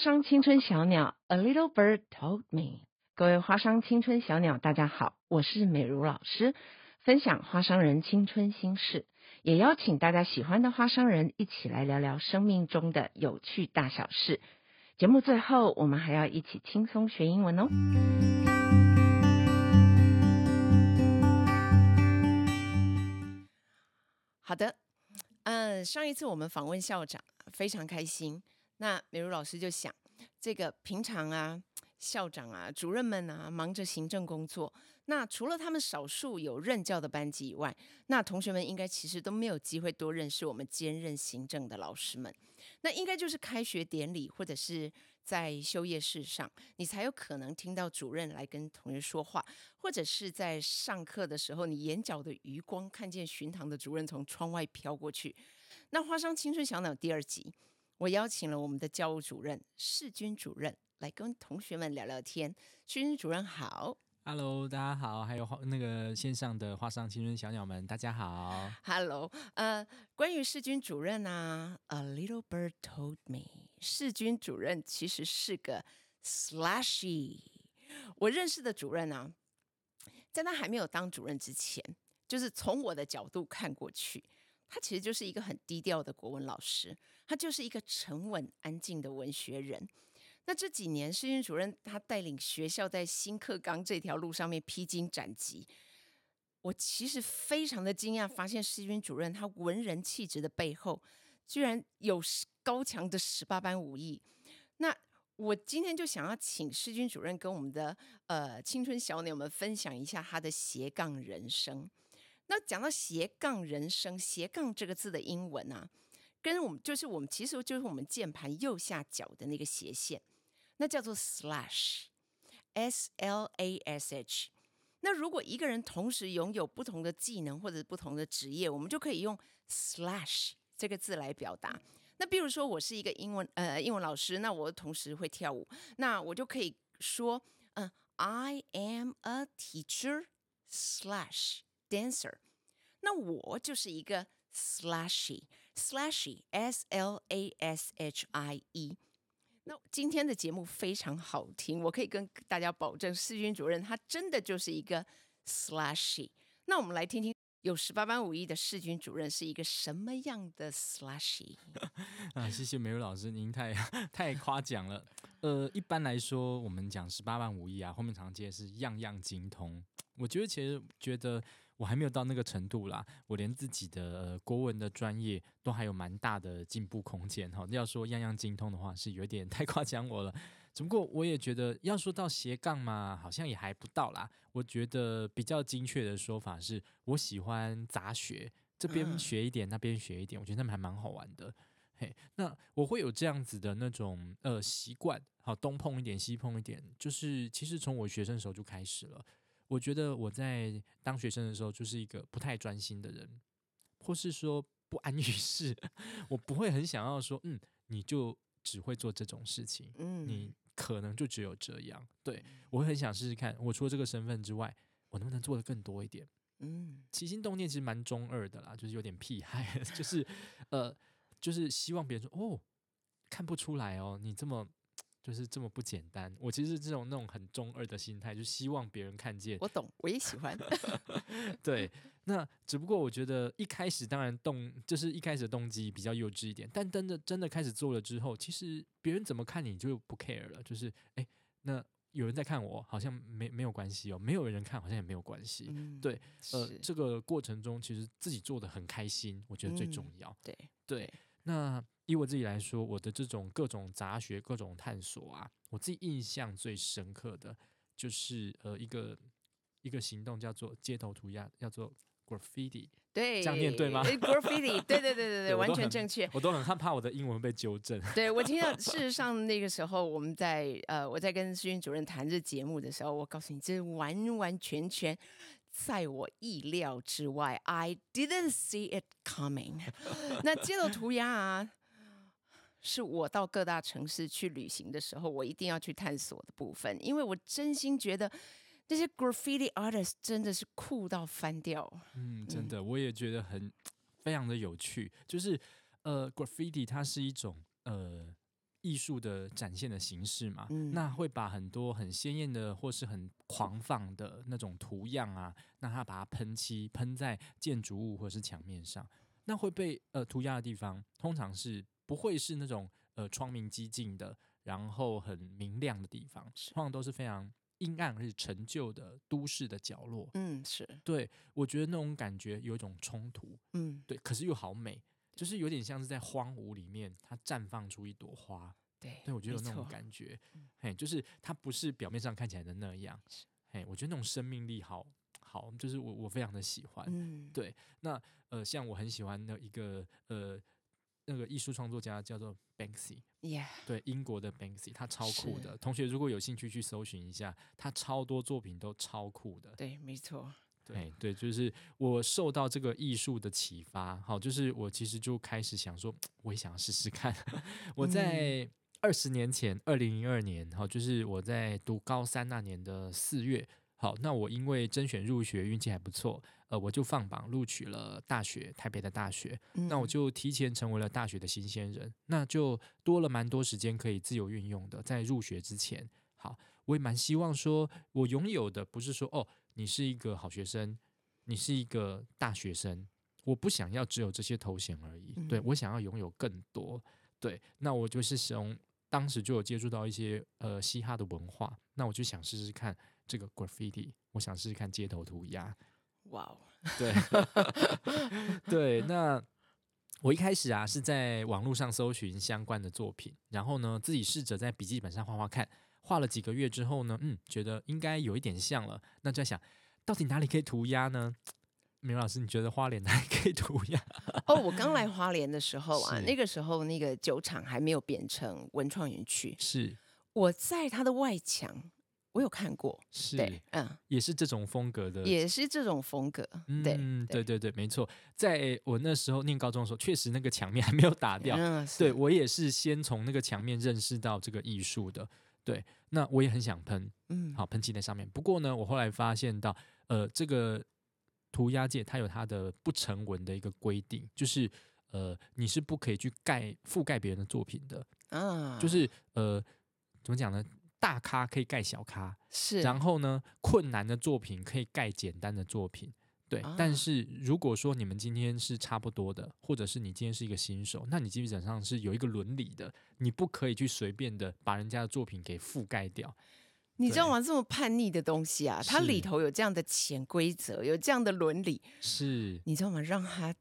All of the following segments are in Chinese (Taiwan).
花商青春小鳥，A little bird told me。各位花商青春小鳥，大家好，我是美如老師，分享花商人青春心事，也邀請大家喜歡的花商人一起來聊聊生命中的有趣大小事。節目最後，我們還要一起輕鬆學英文哦。好的，嗯，上一次我們訪問校長，非常開心。那美如老師就想，這個平常啊，校長啊、主任們啊，忙着行政工作。那除了他們少數有任教的班級以外，那同學們應該其實都沒有機會多認識我們兼任行政的老師們。那應該就是開學典禮，或者是在休業式上，你才有可能聽到主任來跟同學說話，或者是在上課的時候，你眼角的餘光看見巡堂的主任從窗外飄過去。那《花商青春小鳥》第二集，我邀請了我們的教務主任士鈞主任來跟同學們聊聊天。士鈞主任好，Hello，大家好，還有那個線上的花商青春小鳥們，大家好，Hello，呃，關於士鈞主任呢、啊，A little bird told me，士鈞主任其實是個 Slashy。我認識的主任呢、啊，在他還沒有當主任之前，就是從我的角度看過去，他其實就是一個很低調的國文老師。他就是一個沉穩安靜的文學人。那這幾年，士鈞主任他帶領學校在新課綱這條路上面披荊斬棘。我其實非常的驚訝，發現士鈞主任他文人氣質的背後，居然有高強的十八般武藝。那我今天就想要請士鈞主任跟我們的呃青春小鳥們分享一下他的斜槓人生。那講到斜槓人生，斜槓這個字的英文啊。跟我們就是我們其實就是我們鍵盤右下角的那個斜線，那叫做 slash，S-L-A-S-H。那如果一個人同時擁有不同的技能或者不同的職業，我們就可以用 slash 這個字來表達。那比如說我是一個英文呃英文老師，那我同時會跳舞，那我就可以說嗯，呃，I am a teacher slash dancer。那我就是一個 slashy。Slashy，S L A S H I E。那今天的節目非常好聽，我可以跟大家保證，士鈞主任他真的就是一個 Slashy。那我們來聽聽有十八般武藝的士鈞主任是一個什麼樣的 Slashy？啊，謝謝美如老師，您太太誇獎了。呃，一般來說，我們講十八般武藝啊，後面常接的是樣樣精通。我覺得其實覺得。我還沒有到那個程度啦，我連自己的、呃、國文的專業都還有蠻大的進步空間哈。要說樣樣精通的話，是有點太誇獎我了。只不過我也覺得，要說到斜槓嘛，好像也還不到啦。我覺得比較精確的說法是，我喜歡雜學，這邊學一點，那邊學一點，我覺得他們還蠻好玩的。嘿，那我會有這樣子的那種呃習慣，好，東碰一點，西碰一點，就是其實從我學生時候就開始了。我覺得我在當學生的時候就是一個不太專心的人，或是說不安於室。我不會很想要說，嗯，你就只會做這種事情，嗯，你可能就只有這樣。對我會很想試試看，我除了這個身份之外，我能不能做得更多一點？嗯，起心動念其實蠻中二的啦，就是有點屁孩，就是呃，就是希望別人說，哦，看不出來哦，你這麼。就是這麼不簡單。我其實這種那種很中二的心態，就希望別人看見。我懂，我也喜歡。 對，那只不過我覺得一開始當然動，就是一開始的動機比較幼稚一點。但真的真的開始做了之後，其實別人怎麼看你就不 care 了。就是哎、欸，那有人在看我，好像沒沒有關係哦；沒有人看，好像也沒有關係、嗯。對，呃，這個過程中其實自己做的很開心，我覺得最重要。對、嗯、對。對那以我自己來說，我的這種各種雜學、各種探索啊，我自己印象最深刻的就是呃一個一個行動叫做街頭塗鴉，叫做 graffiti，對，這樣念對嗎？graffiti，對對對對，對，對完全正確。我都很害怕我的英文被糾正。對我聽到，事實上那個時候我們在呃我在跟士鈞主任談這節目的時候，我告訴你，這是完完全全。在我意料之外，I didn't see it coming。那街頭塗鴉啊，是我到各大城市去旅行的時候，我一定要去探索的部分，因為我真心覺得這些 graffiti artists 真的是酷到翻掉。嗯，真的，嗯，我也覺得很非常的有趣。就是呃，graffiti 它是一種呃。藝術的展現的形式嘛，嗯、那會把很多很鮮艷的或是很狂放的那種圖樣啊，那它把它噴漆噴在建築物或是牆面上，那會被呃塗鴉的地方通常是不會是那種呃窗明幾淨的，然後很明亮的地方，通常都是非常陰暗而且陳舊的都市的角落。嗯，是對，我覺得那種感覺有一種衝突。嗯，對，可是又好美。就是有點像是在荒蕪裡面，它綻放出一朵花，對，對我覺得有那種感覺，嘿，就是它不是表面上看起來的那樣，哎，我覺得那種生命力好好，就是我我非常的喜歡，嗯、對，那呃，像我很喜歡的一個呃那個藝術創作家叫做 Banksy，yeah、對，英國的 Banksy，他超酷的，同學如果有興趣去搜尋一下，他超多作品都超酷的，對，沒錯。哎，對，就是我受到這個藝術的啟發，好，就是我其實就開始想說，我也想要試試看。我在二十年前，二零零二年，好，就是我在讀高三那年的四月，好，那我因為甄選入學運氣還不錯，呃，我就放榜錄取了大學，台北的大學，那我就提前成為了大學的新鮮人，那就多了蠻多時間可以自由運用的。在入學之前，好，我也蠻希望說，我擁有的不是說哦。你是一個好學生，你是一個大學生。我不想要只有這些頭銜而已，對，我想要擁有更多。對，那我就是從當時就有接觸到一些呃嘻哈的文化，那我就想試試看這個 graffiti，我想試試看街頭塗鴉。哇、wow. 哦，對 對，那我一開始啊是在網絡上搜尋相關的作品，然後呢，自己試着在筆記本上畫畫看。畫了幾個月之後呢？嗯，覺得應該有一點像了。那就在想到底哪裡可以塗鴉呢？明老師，你覺得花蓮哪裡可以塗鴉？哦，我剛來花蓮的時候啊，那個時候那個酒廠還沒有變成文創園區。是，我在它的外牆，我有看過。是，對，嗯，也是這種風格的，也是這種風格。對，嗯、對，對，對，對，沒錯。在我那時候唸高中的時候，確實那個牆面還沒有打掉。嗯、是，對，我也是先從那個牆面認識到這個藝術的。對，那我也很想噴，嗯，好，噴漆在上面。嗯。不過呢，我後來發現到，呃，這個塗鴉界它有它的不成文的一個規定，就是，呃，你是不可以去蓋覆蓋別人的作品的。啊，就是，呃，怎麼講呢？大咖可以蓋小咖，是，然後呢，困難的作品可以蓋簡單的作品。對，但是如果說你們今天是差不多的，啊，或者是你今天是一個新手，那你基本上是有一個倫理的，你不可以去隨便的把人家的作品給覆蓋掉。你知道嗎？這麼叛逆的東西啊，它裡頭有這樣的潛規則，有這樣的倫理，是，你知道嗎？讓它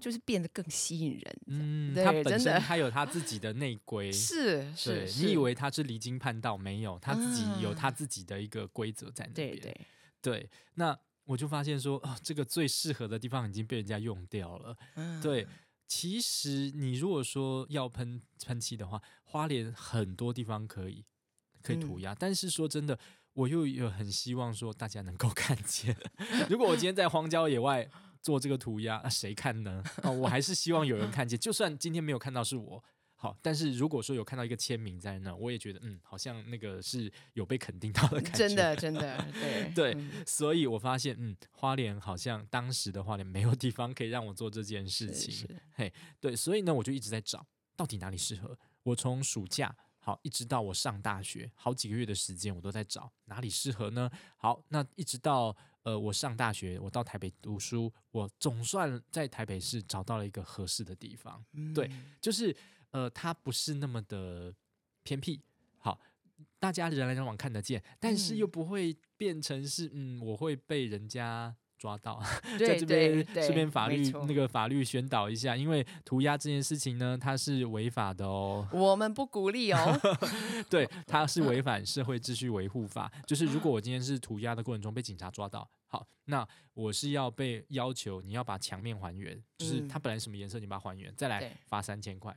就是變得更吸引人。嗯，它本身還有它自己的內規，是，是，是，是你以為它是離經叛道，啊，沒有，他自己有他自己的一個規則在那邊。對，對，對，那。我就發現說哦，這個最適合的地方已經被人家用掉了。嗯、對，其實你如果說要噴噴漆的話，花蓮很多地方可以可以塗鴉、嗯。但是說真的，我又有很希望說大家能夠看見。如果我今天在荒郊野外做這個塗鴉，啊、誰看呢？哦，我還是希望有人看見。就算今天沒有看到是我。好，但是如果說有看到一個簽名在那，我也覺得嗯，好像那個是有被肯定到的感覺，真的，真的，對 對、嗯，所以我發現嗯，花蓮好像當時的花蓮沒有地方可以讓我做這件事情，嘿，hey, 對，所以呢，我就一直在找，到底哪裡適合？我從暑假好一直到我上大學好幾個月的時間，我都在找哪裡適合呢？好，那一直到呃我上大學，我到台北讀書，我總算在台北市找到了一個合適的地方，嗯、對，就是。呃，它不是那麼的偏僻，好，大家人來人往看得見，但是又不會變成是，嗯，嗯，我會被人家抓到，對對對 在這邊這邊法律對對對，那個法律宣導一下，因為塗鴉這件事情呢，它是違法的哦，我們不鼓勵哦， 對，它是違反社會秩序維護法， 就是如果我今天是塗鴉的過程中被警察抓到。好，那我是要被要求你要把牆面還原，嗯、就是它本來什麼顏色，你把它還原，再來罰三千塊。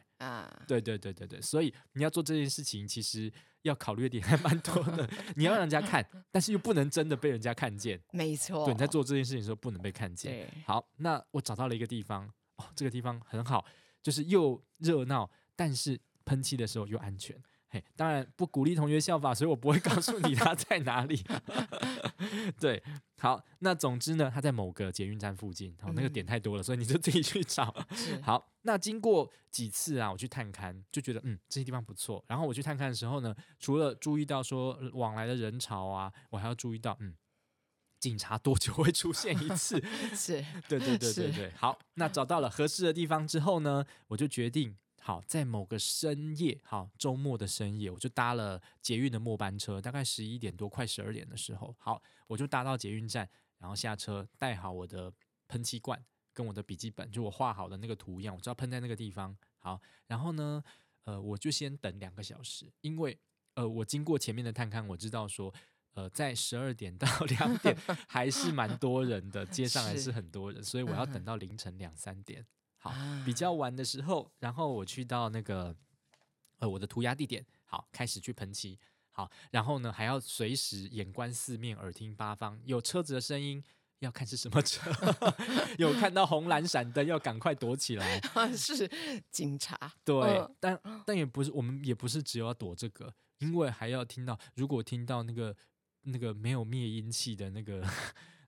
對，對對對對對，所以你要做這件事情，其實要考慮的點還蠻多的。 你要讓人家看，但是又不能真的被人家看見，沒錯。對，你在做這件事情的時候不能被看見。好，那我找到了一個地方，哦、這個地方很好，就是又熱鬧，但是噴漆的時候又安全。嘿，當然不鼓勵同學效法，所以我不會告訴你他在哪裡。 對，好，那總之呢，他在某個捷運站附近。好，那個點太多了，所以你就自己去找。好，那經過幾次啊，我去探勘，就覺得嗯，這些地方不錯。然後我去探勘的時候呢，除了注意到說往來的人潮啊，我還要注意到嗯，警察多久會出現一次？ 是，對對對對對。好，那找到了合適的地方之後呢，我就決定。好，在某個深夜，好，週末的深夜，我就搭了捷運的末班車，大概十一點多，快十二點的時候，好，我就搭到捷運站，然後下車，帶好我的噴漆罐跟我的筆記本，就我畫好的那個圖一樣，我知道噴在那個地方。好，然後呢，呃，我就先等兩個小時，因為呃，我經過前面的探勘，我知道說，呃，在十二點到兩點還是蠻多人的， 街上還是很多人，所以我要等到凌晨兩三點。比較晚的時候，然後我去到那個呃我的塗鴉地點，好開始去噴漆，好，然後呢還要隨時眼觀四面，耳聽八方，有車子的聲音要看是什麼車， 有看到紅藍閃燈要趕快躲起來， 是警察，對，呃、但但也不是我們也不是只要躲這個，因為還要聽到如果聽到那個那個沒有滅音器的那個。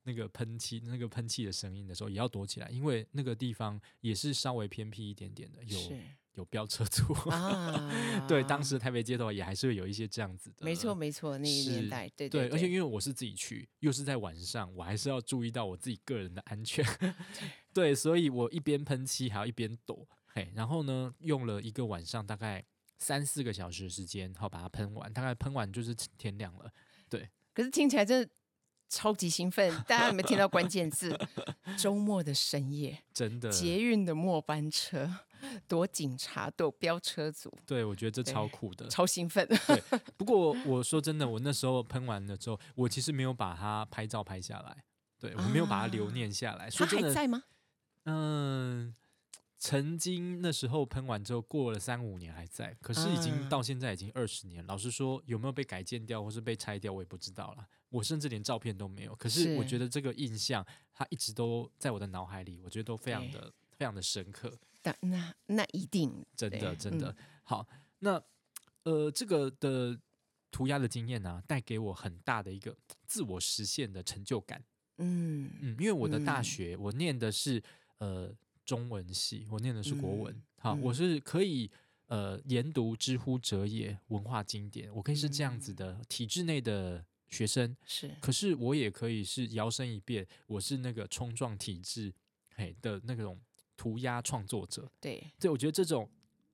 那個噴漆，那個噴漆的聲音的時候，也要躲起來，因為那個地方也是稍微偏僻一點點的，有有飆車族。對，當時台北街頭也還是會有一些這樣子的。沒錯、呃，沒錯，那一年代，對對，對，對，對。而且因為我是自己去，又是在晚上，我還是要注意到我自己個人的安全。 對，所以我一邊噴漆還要一邊躲。嘿，然後呢，用了一個晚上，大概三四個小時的時間，好把它噴完。大概噴完就是天亮了。對，可是聽起來真的。超級興奮！大家有沒有聽到關鍵字？周 末的深夜，真的捷運的末班車，躲警察，躲飆車族。對，我覺得這超酷的，超興奮。不過我說真的，我那時候噴完了之後，我其實沒有把它拍照拍下來，對我沒有把它留念下來。說、啊、它還在嗎？嗯、呃，曾經那時候噴完之後，過了三五年還在，可是已經到現在已經二十年、啊。老實說，有沒有被改建掉或是被拆掉，我也不知道了。我甚至連照片都沒有，可是我覺得這個印象，它一直都在我的腦海裡，我覺得都非常的、Okay. 非常的深刻。那那那一定真的真的、嗯、好。那呃，這個的塗鴉的經驗呢、啊，帶給我很大的一個自我實現的成就感。嗯嗯，因為我的大學我念的是、嗯、呃，中文系，我念的是國文，嗯、好，我是可以呃研讀《之乎者也》文化經典，我可以是這樣子的、嗯、體制內的。學生是，可是我也可以是搖身一變，我是那個衝撞體制，嘿的那個種塗鴉創作者。對，對我覺得這種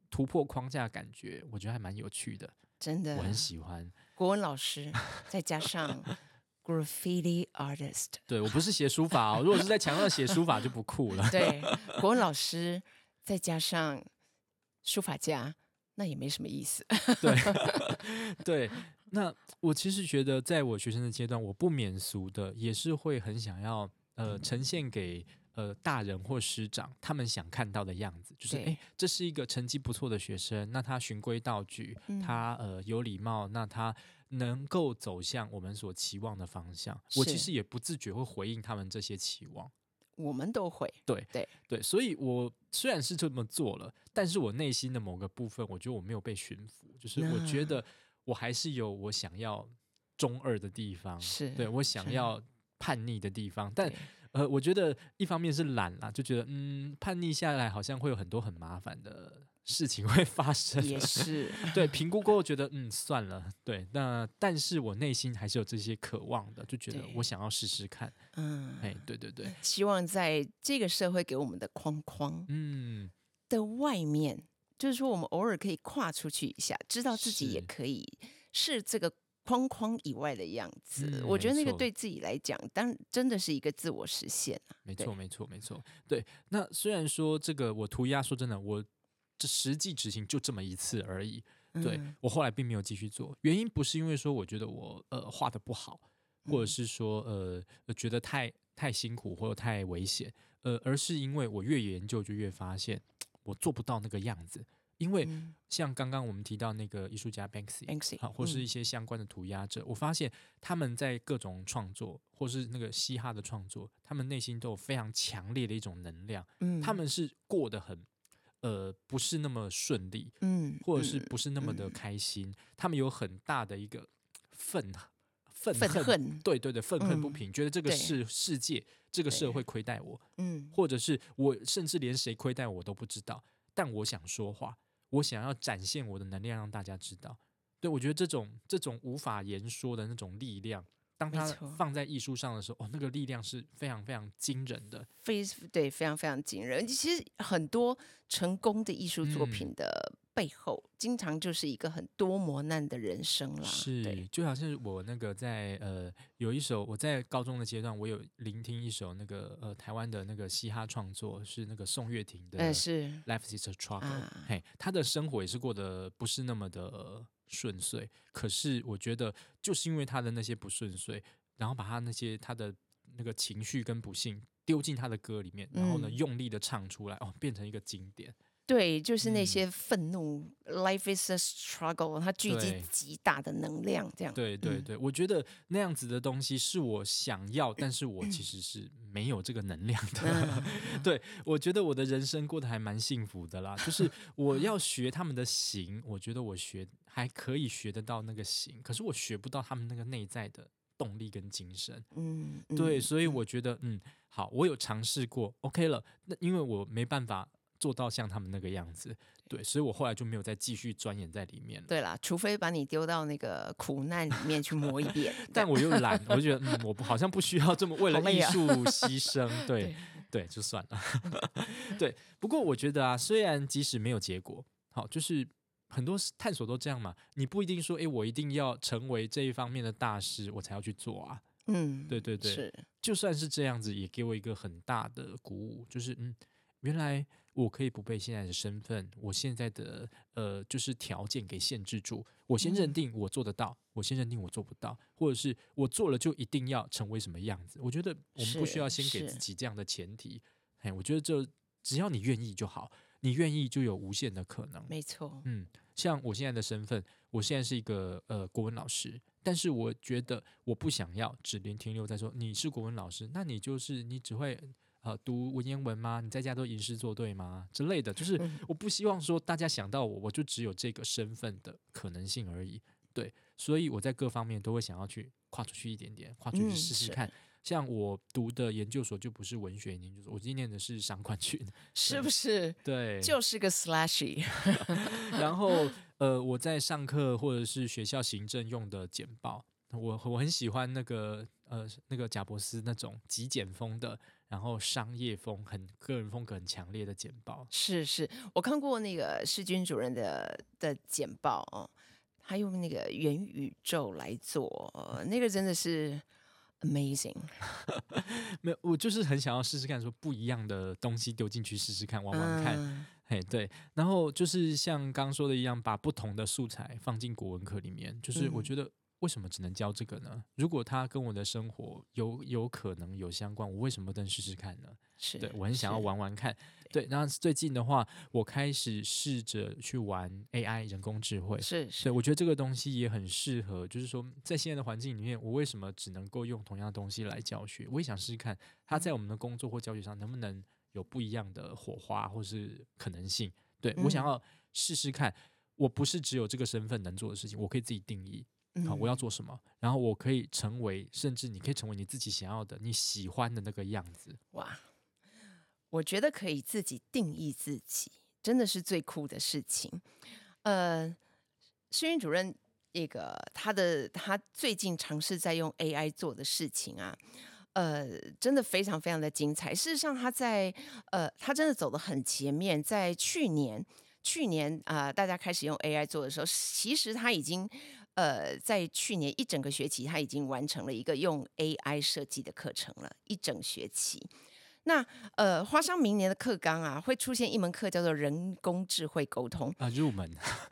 突破框架的感覺，我覺得還蠻有趣的，真的，我很喜歡。國文老師再加上 graffiti artist。對，我不是寫書法哦，如果是在牆上寫書法就不酷了。 對，國文老師再加上書法家，那也沒什麼意思。 對，對。那我其實覺得，在我學生的階段，我不免俗的也是會很想要，呃，呈現給呃大人或師長他們想看到的樣子，就是誒，這是一個成績不錯的學生，那他循規蹈矩、嗯，他呃有禮貌，那他能夠走向我們所期望的方向。我其實也不自覺會回應他們這些期望，我們都會，對對對，所以我雖然是這麼做了，但是我內心的某個部分，我覺得我沒有被馴服，就是我覺得。我還是有我想要中二的地方，是對我想要叛逆的地方，但呃，我覺得一方面是懶啦，就覺得嗯，叛逆下來好像會有很多很麻煩的事情會發生，也是 對，評估過後覺得嗯 算了，對，那但是我內心還是有這些渴望的，就覺得我想要試試看，對嗯，對對對，希望在這個社會給我們的框框嗯的外面。嗯就是說，我們偶爾可以跨出去一下，知道自己也可以是這個框框以外的樣子。嗯。我覺得那個對自己來講，當然真的是一個自我實現啊。沒錯，沒錯，沒錯。對，那雖然說這個我塗鴉，說真的，我這實際執行就這麼一次而已。嗯、對，我後來並沒有繼續做，原因不是因為說我覺得我呃畫得不好，或者是說呃覺得太太辛苦或者太危險，呃，而是因為我越研究就越發現。我做不到那個樣子，因為像剛剛我們提到那個藝術家 Banksy 好、嗯啊，或是一些相關的塗鴉者、嗯，我發現他們在各種創作，或是那個嘻哈的創作，他們內心都有非常強烈的一種能量。嗯、他們是過得很，呃，不是那麼順利，嗯、或者是不是那麼的開心，嗯、他們有很大的一個憤憤恨，恨，對對對，憤恨不平、嗯，覺得這個世世界、這個社會虧待我，嗯，或者是我，甚至連誰虧待我，我都不知道、嗯。但我想說話，我想要展現我的能量，讓大家知道。對，我覺得這種這種無法言說的那種力量，當他放在藝術上的時候，哦，那個力量是非常非常驚人的，非對非常非常驚人。其實很多成功的藝術作品的。嗯背後經常就是一個很多磨難的人生啦。是，就好像是我那個在呃有一首我在高中的階段，我有聆聽一首那個呃台灣的那個嘻哈創作，是那個宋岳庭的，是，Life is a trouble，、嗯啊、嘿，他的生活也是過得不是那麼的、呃、順遂，可是我覺得就是因為他的那些不順遂，然後把他那些他的那個情緒跟不幸丟進他的歌裡面，嗯、然後呢用力的唱出來，哦，變成一個經典。對，就是那些憤怒、嗯、，Life is a struggle，它聚集極大的能量，這樣。對對對、嗯，我覺得那樣子的東西是我想要，但是我其實是沒有這個能量的。嗯、 對，我覺得我的人生過得還蠻幸福的啦。就是我要學他們的行， 我覺得我學還可以學得到那個行，可是我學不到他們那個內在的動力跟精神。嗯，對，嗯、所以我覺得，嗯，好，我有嘗試過，OK 了。那因為我沒辦法，做到像他們那個樣子，對，所以我後來就沒有再繼續鑽研在裡面了。對啦，除非把你丟到那個苦難裡面去磨一遍。 但我又懶，我就覺得嗯，我不好像不需要這麼為了藝術犧牲。啊、 對對，就算了。 對，不過我覺得啊，雖然即使沒有結果，好，就是很多探索都這樣嘛，你不一定說，誒、欸，我一定要成為這一方面的大師，我才要去做啊。嗯，對對對，是就算是這樣子，也給我一個很大的鼓舞，就是嗯，原來。我可以不被現在的身份、我現在的呃就是條件給限制住。我先認定我做得到、嗯，我先認定我做不到，或者是我做了就一定要成為什麼樣子。我覺得我們不需要先給自己這樣的前提。哎，我覺得這只要你願意就好，你願意就有無限的可能。沒錯，嗯，像我現在的身份，我現在是一個呃國文老師，但是我覺得我不想要只能停留在說你是國文老師，那你就是你只會。啊，讀文言文嗎？你在家都吟詩作對嗎？之類的就是，我不希望說大家想到我，我就只有這個身份的可能性而已。對，所以我在各方面都會想要去跨出去一點點，跨出去試試看。嗯、像我讀的研究所就不是文學研究所，我今年的是商管群，是不是？對，就是個 slashy。 然後呃，我在上課或者是學校行政用的簡報。我我很喜歡那個呃那個賈伯斯那種極簡風的，然後商業風很個人風格很強烈的簡報。是是，我看過那個士鈞主任的的簡報哦，他用那個元宇宙來做，那個真的是 amazing。 沒有，我就是很想要試試看，說不一樣的東西丟進去試試看，玩玩看。嗯、嘿，對。然後就是像剛剛說的一樣，把不同的素材放進國文課裡面，就是我覺得，為什麼只能教這個呢？如果它跟我的生活有有可能有相關，我為什麼不能試試看呢？是對，我很想要玩玩看對。對，然後最近的話，我開始試着去玩 AI 人工智慧。是，是，我覺得這個東西也很適合。就是說，在現在的環境裡面，我為什麼只能夠用同樣的東西來教學？我也想試試看它在我們的工作或教學上能不能有不一樣的火花或是可能性。對、嗯、我想要試試看，我不是只有這個身份能做的事情，我可以自己定義。好，我要做什麼？然後我可以成為，甚至你可以成為你自己想要的、你喜歡的那個樣子。哇！我覺得可以自己定義自己，真的是最酷的事情。呃，士鈞主任，一個他的他最近嘗試在用 AI 做的事情啊，呃，真的非常非常的精彩。事實上，他在呃，他真的走得很前面。在去年，去年啊，呃，大家開始用 AI 做的時候，其實他已經。呃，在去年一整個學期，他已經完成了一個用 AI 設計的課程了，一整學期。那呃，花商明年的課綱啊，會出現一門課叫做“人工智慧溝通”啊，入門，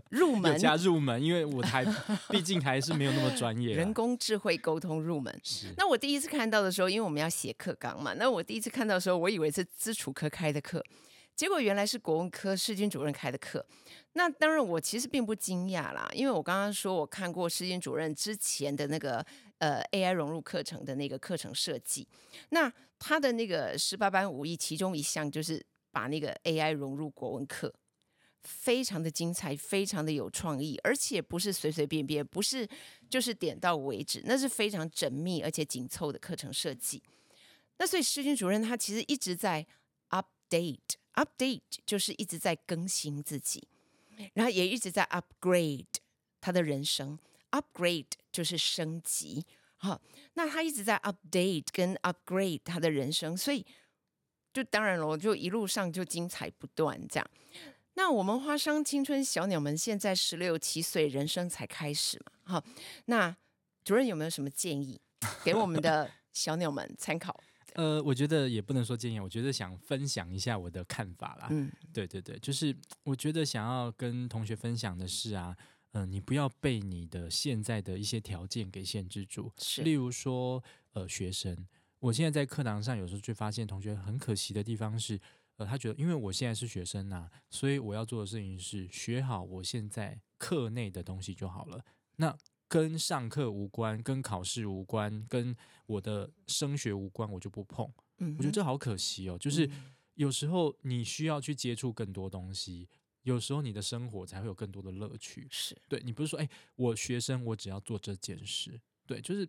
入門加入門，因為我還 畢竟還是沒有那麼專業啊。人工智慧溝通入門。是。那我第一次看到的時候，因為我們要寫課綱嘛，那我第一次看到的時候，我以為是資處科開的課。結果原來是國文科世軍主任開的課，那當然我其實並不驚訝啦，因為我剛剛說我看過世軍主任之前的那個呃 AI 融入課程的那個課程設計，那他的那個十八般武藝其中一項就是把那個 AI 融入國文課，非常的精彩，非常的有創意，而且不是隨隨便便，不是就是點到為止，那是非常縝密而且緊湊的課程設計。那所以世軍主任他其實一直在 update。Update 就是一直在更新自己，然後也一直在 upgrade 他的人生。Upgrade 就是升級，好，那他一直在 update 跟 upgrade 他的人生，所以就當然了，就一路上就精彩不斷這樣。那我們花商青春小鳥們現在十六七歲，人生才開始嘛，好，那主任有沒有什麼建議給我們的小鳥們參考？ 呃，我覺得也不能說建議，我覺得想分享一下我的看法啦。嗯、對對對，就是我覺得想要跟同學分享的是啊，嗯、呃，你不要被你的現在的一些條件給限制住。是，例如說，呃，學生，我現在在課堂上有時候就發現同學很可惜的地方是，呃，他覺得因為我現在是學生吶、啊，所以我要做的事情是學好我現在課內的東西就好了。那跟上課無關，跟考試無關，跟我的升學無關，我就不碰。嗯。我覺得這好可惜哦。就是有時候你需要去接觸更多東西，有時候你的生活才會有更多的樂趣。是，對你不是說，哎、欸，我學生我只要做這件事。對，就是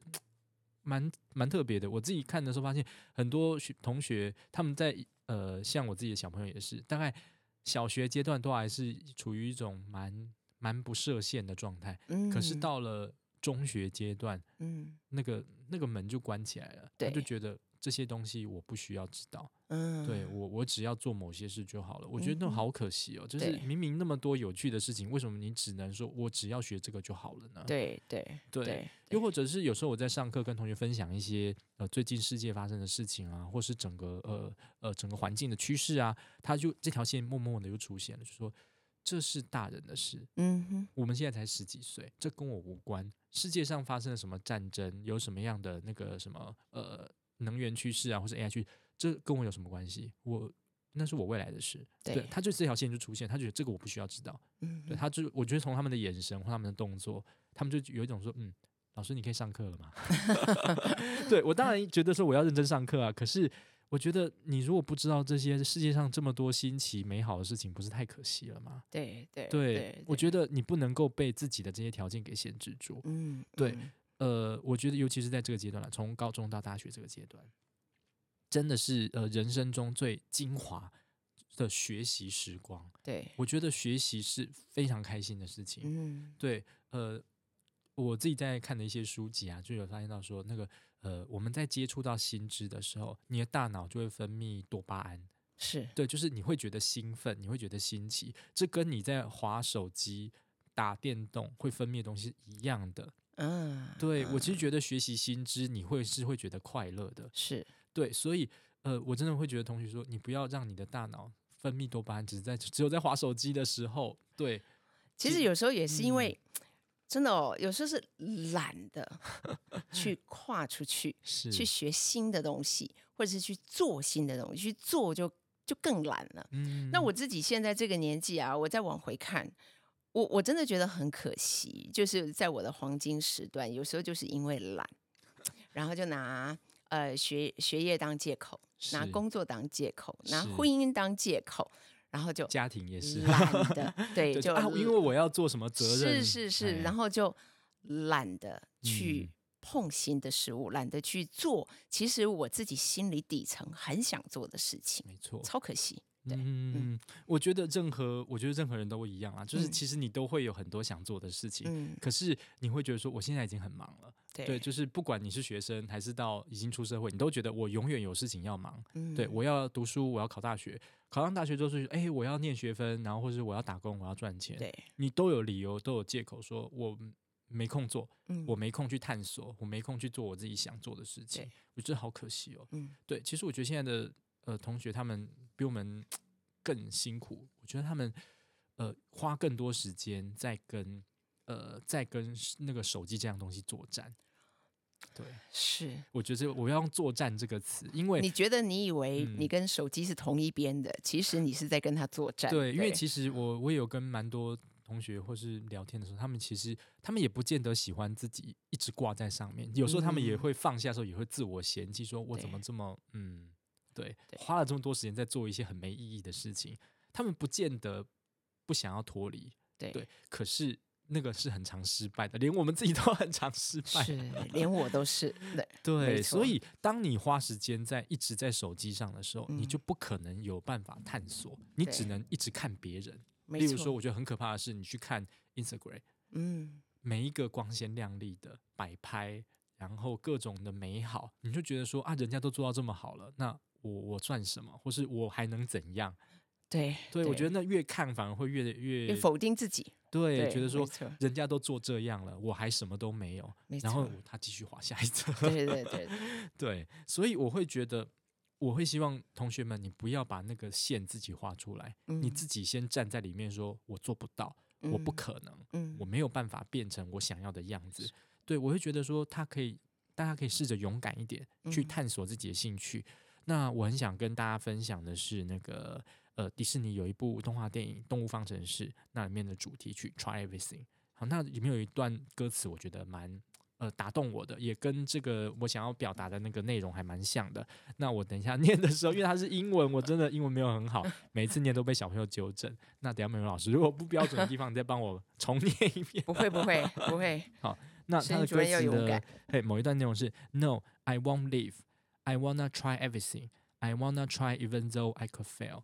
蠻蠻特別的。我自己看的時候發現，很多學同學他們在呃，像我自己的小朋友也是，大概小學階段都還是處於一種蠻。蠻不設限的狀態，嗯，可是到了中學階段，嗯，那個那個門就關起來了，對，他就覺得這些東西我不需要知道，嗯，對我我只要做某些事就好了。我覺得那好可惜哦，嗯哼，就是明明那麼多有趣的事情，為什麼你只能說我只要學這個就好了呢？對對對，對，又或者是有時候我在上課跟同學分享一些呃最近世界發生的事情啊，或是整個呃呃整個環境的趨勢啊，他就這條線默默的又出現了，就說。這是大人的事，嗯哼，我們現在才十幾歲，這跟我無關。世界上發生了什麼戰爭，有什麼樣的那個什麼呃能源趨勢啊，或是 AI 趨勢？這跟我有什麼關係？我那是我未來的事。對。對，他就這條線就出現，他就覺得這個我不需要知道。嗯，對，他就我覺得從他們的眼神或他們的動作，他們就有一種說，嗯，老師你可以上課了嗎？ 對我當然覺得說我要認真上課啊，可是。我覺得你如果不知道這些世界上這麼多新奇美好的事情，不是太可惜了嗎？對對對，對，我覺得你不能夠被自己的這些條件給限制住。嗯，對。嗯、呃，我覺得尤其是在這個階段了，從高中到大學這個階段，真的是呃人生中最精華的學習時光。對。我覺得學習是非常開心的事情。嗯，對。呃，我自己在看的一些書籍啊，就有發現到說那個。呃，我們在接觸到新知的時候，你的大腦就會分泌多巴胺，是對，就是你會覺得興奮，你會覺得新奇，這跟你在滑手機、打電動會分泌的東西是一樣的。嗯，對我其實覺得學習新知、嗯，你會是會覺得快樂的，是對，所以呃，我真的會覺得同學說，你不要讓你的大腦分泌多巴胺，只是在只有在滑手機的時候，對，其實有時候也是因為。嗯真的哦，有時候是懶的去跨出去， 去學新的東西，或者是去做新的東西，去做就就更懶了。嗯。那我自己現在這個年紀啊，我再往回看，我我真的覺得很可惜，就是在我的黃金時段，有時候就是因為懶，然後就拿呃學學業當借口，拿工作當借口，拿婚姻當借口。然後就家庭也是懶的， 對，就、啊、因為我要做什麼責任是是是，哎、然後就懶得去碰新的事物，懶、嗯、得去做。其實我自己心裡底層很想做的事情，沒錯，超可惜。嗯、對，嗯我覺得任何我覺得任何人都一樣啊，就是其實你都會有很多想做的事情，嗯、可是你會覺得說我現在已經很忙了，嗯、對，就是不管你是學生還是到已經出社會，你都覺得我永遠有事情要忙，嗯、對，我要讀書，我要考大學。考上大學都是哎、欸，我要念學分，然後或者是我要打工，我要賺錢，你都有理由，都有借口說，說我沒空做、嗯，我沒空去探索，我沒空去做我自己想做的事情，我覺得好可惜哦、嗯。對，其實我覺得現在的呃同學他們比我們更辛苦，我覺得他們呃花更多時間在跟呃在跟那個手機這樣的東西作戰。對，是，我覺得我要用“作戰”這個詞，因為你覺得你以為你跟手機是同一邊的，嗯、其實你是在跟他作戰。對，對，因為其實我我有跟蠻多同學或是聊天的時候，他們其實他們也不見得喜歡自己一直掛在上面，有時候他們也會放下的時候也會自我嫌棄，說我怎麼這麼嗯，對，花了這麼多時間在做一些很沒意義的事情，他們不見得不想要脫離。對，對可是。那個是很常失敗的，連我們自己都很常失敗的。是，連我都是。對，對，所以當你花時間在一直在手機上的時候，嗯，你就不可能有辦法探索，你只能一直看別人。例如說，我覺得很可怕的是，你去看 Instagram，嗯，每一個光鮮亮麗的擺拍，然後各種的美好，你就覺得說啊，人家都做到這麼好了，那我我算什麼？或是我還能怎樣？對，對，對我覺得那越看反而會越越，越否定自己。對，對，覺得說人家都做這樣了，我還什麼都沒有。然後他繼續畫下一層，對對對，對， 對，所以我會覺得，我會希望同學們，你不要把那個線自己畫出來，嗯、你自己先站在裡面說，我做不到，嗯、我不可能、嗯，我沒有辦法變成我想要的樣子。對，我會覺得說，他可以，大家可以試着勇敢一點，去探索自己的興趣。嗯、那我很想跟大家分享的是那個。呃，迪士尼有一部動畫電影《動物方程式》，那裡面的主題曲《Try Everything》好，那裡面有一段歌詞，我覺得蠻呃打動我的，也跟這個我想要表達的那個內容還蠻像的。那我等一下念的時候，因為它是英文，我真的英文沒有很好，每次念都被小朋友糾正。那等下美榮老師，如果不標準的地方，你再幫我重念一遍。不會，不會，不會。好，那那個歌詞的有感嘿，某一段內容是 “No, I won't leave. I wanna try everything. I wanna try even though I could fail.”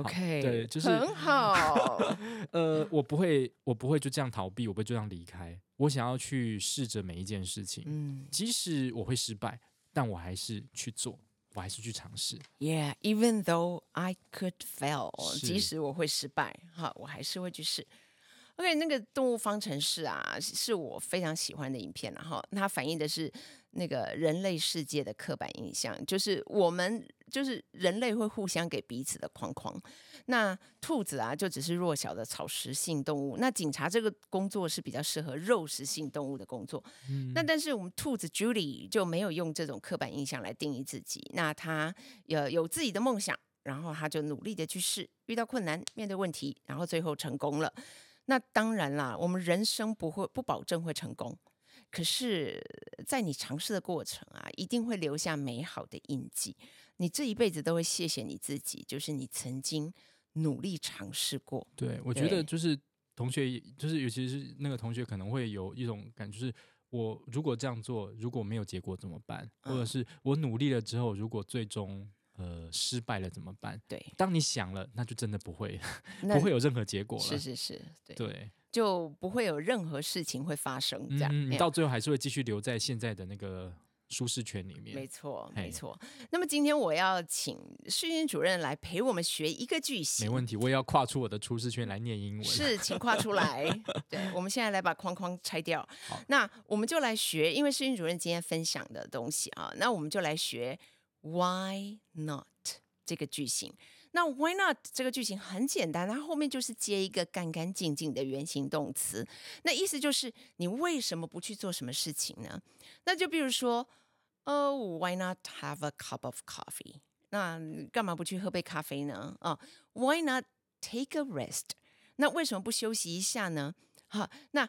OK，對，就是很好。 呃，我不會，我不會就這樣逃避，我不會就這樣離開。我想要去試着每一件事情，嗯，即使我會失敗，但我還是去做，我還是去嘗試。Yeah，even though I could fail，即使我會失敗，哈，我還是會去試。OK，那個動物方城市啊，是，是我非常喜歡的影片啊，然後它反映的是那個人類世界的刻板印象，就是我們就是人類會互相給彼此的框框。那兔子啊，就只是弱小的草食性動物。那警察這個工作是比較適合肉食性動物的工作。嗯，那但是我們兔子 Julie 就沒有用這種刻板印象來定義自己。那他呃有，有自己的夢想，然後他就努力的去試，遇到困難，面對問題，然後最後成功了。那當然啦，我們人生不會不保證會成功，可是，在你嘗試的過程啊，一定會留下美好的印記。你這一輩子都會謝謝你自己，就是你曾經努力嘗試過。對，我覺得就是同學，就是尤其是那個同學，可能會有一種感覺，是我如果這樣做，如果沒有結果怎麼辦？或者是我努力了之後，如果最終……呃，失敗了怎麼辦？對，當你想了，那就真的不會， 不會有任何結果了。是是是，對，對就不會有任何事情會發生這、嗯。這樣，你到最後還是會繼續留在現在的那個舒適圈裡面。沒錯，沒錯。那麼今天我要請士鈞主任來陪我們學一個句型。沒問題，我也要跨出我的舒適圈來念英文。是，請跨出來。 對，我們現在來把框框拆掉。好，那我們就來學，因為士鈞主任今天分享的東西啊，那我們就來學。Why not 這個句型？那 Why not 這個句型很簡單，它後面就是接一個乾乾淨淨的原形動詞。那意思就是你為什麼不去做什麼事情呢？那就比如說，oh, why not have a cup of coffee？那幹嘛不去喝杯咖啡呢？啊，oh, Why not take a rest？那為什麼不休息一下呢？哈，那。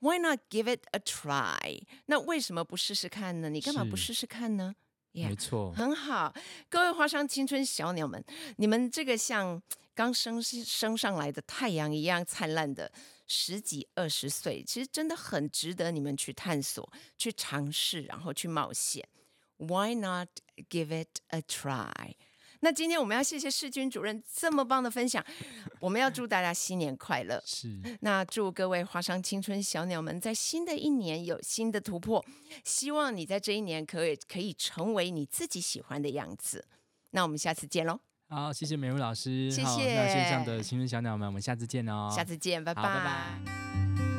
Why not give it a try？那為什麼不試試看呢？你幹嘛不試試看呢？是 yeah, 沒錯，很好，各位花商青春小鳥們，你們這個像剛升升上來的太陽一樣燦爛的十幾二十歲，其實真的很值得你們去探索、去嘗試，然後去冒險。Why not give it a try？那今天我們要謝謝士鈞主任這麼棒的分享，我們要祝大家新年快樂。是，那祝各位花商青春小鳥們在新的一年有新的突破，希望你在這一年可以可以成為你自己喜歡的樣子。那我們下次見嘍！好，謝謝美如老師，謝謝那線上的青春小鳥們，我們下次見哦，下次見，拜拜，拜拜。